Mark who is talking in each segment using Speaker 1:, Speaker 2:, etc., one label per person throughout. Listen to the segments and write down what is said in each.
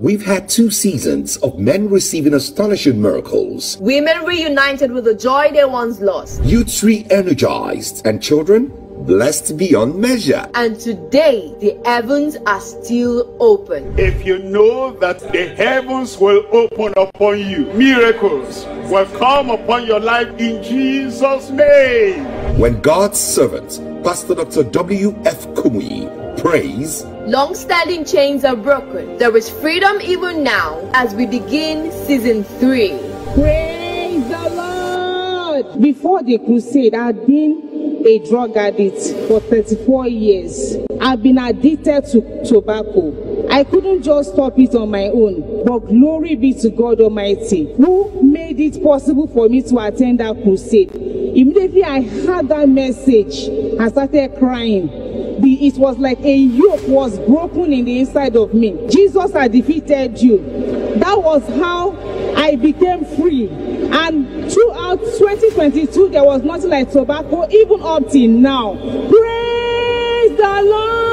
Speaker 1: We've had two seasons of men receiving astonishing miracles.
Speaker 2: Women reunited with the joy they once lost.
Speaker 1: Youths re-energized and children blessed beyond measure.
Speaker 2: And today, the heavens are still open.
Speaker 3: If you know that the heavens will open upon you, miracles will come upon your life in Jesus' name.
Speaker 1: When God's servant,
Speaker 3: Pastor Dr. W.F. Kumi,
Speaker 2: prays, Long-standing chains are broken. There is freedom even now as we begin
Speaker 4: season three. Praise the Lord! Before the crusade, I'd been a drug addict for 34 years. I've been addicted to tobacco. I couldn't just stop it on my own, but glory be to God Almighty, who made it possible for me to attend that crusade. Immediately I heard that message, I started crying. the, it was like a yoke was broken in the inside of me. Jesus I defeated you. That was how I became free. And throughout 2022, there was nothing like tobacco, even up till now. Praise the Lord!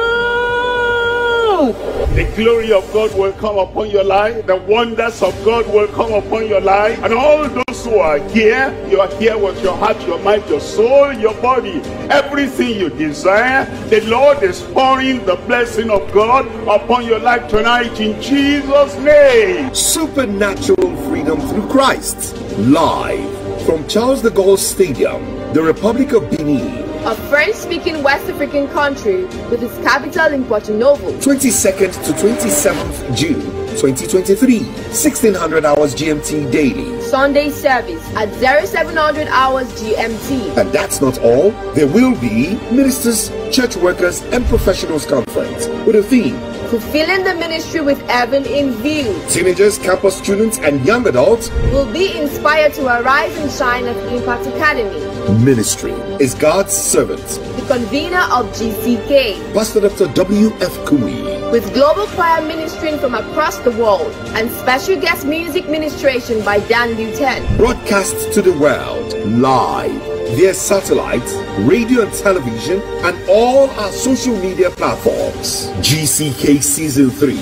Speaker 3: The glory of God will come upon your life. The wonders of God will come upon your life. And all those who are here, you are here with your heart, your mind, your soul, your body. Everything you desire, the Lord is pouring the blessing of God upon your life tonight in Jesus' name. Supernatural freedom through Christ. Live from Charles de Gaulle Stadium,
Speaker 1: the Republic of Benin
Speaker 2: a French-speaking West African country with its capital in Porto Novo. 22nd to 27th
Speaker 1: June 2023, 1600 hours GMT daily.
Speaker 2: Sunday service at 0700 hours GMT.
Speaker 1: And that's not all. There will be ministers, church workers, and professionals conference with a theme
Speaker 2: Fulfilling the Ministry with Heaven in View.
Speaker 1: Teenagers, campus students, and young adults
Speaker 2: will be inspired to arise and shine at Impact Academy.
Speaker 1: Ministry is God's servant.
Speaker 2: The convener of GCK, Pastor Dr. W.F. Kumi with global choir ministering from across the world and special guest music ministration by Dan Newton.
Speaker 1: Broadcast to the world live via satellite, radio and television, and all our social media platforms. GCK Season 3.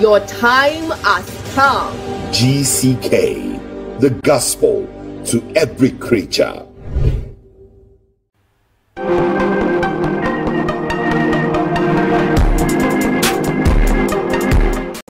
Speaker 2: Your time has come.
Speaker 1: GCK, the gospel to every creature.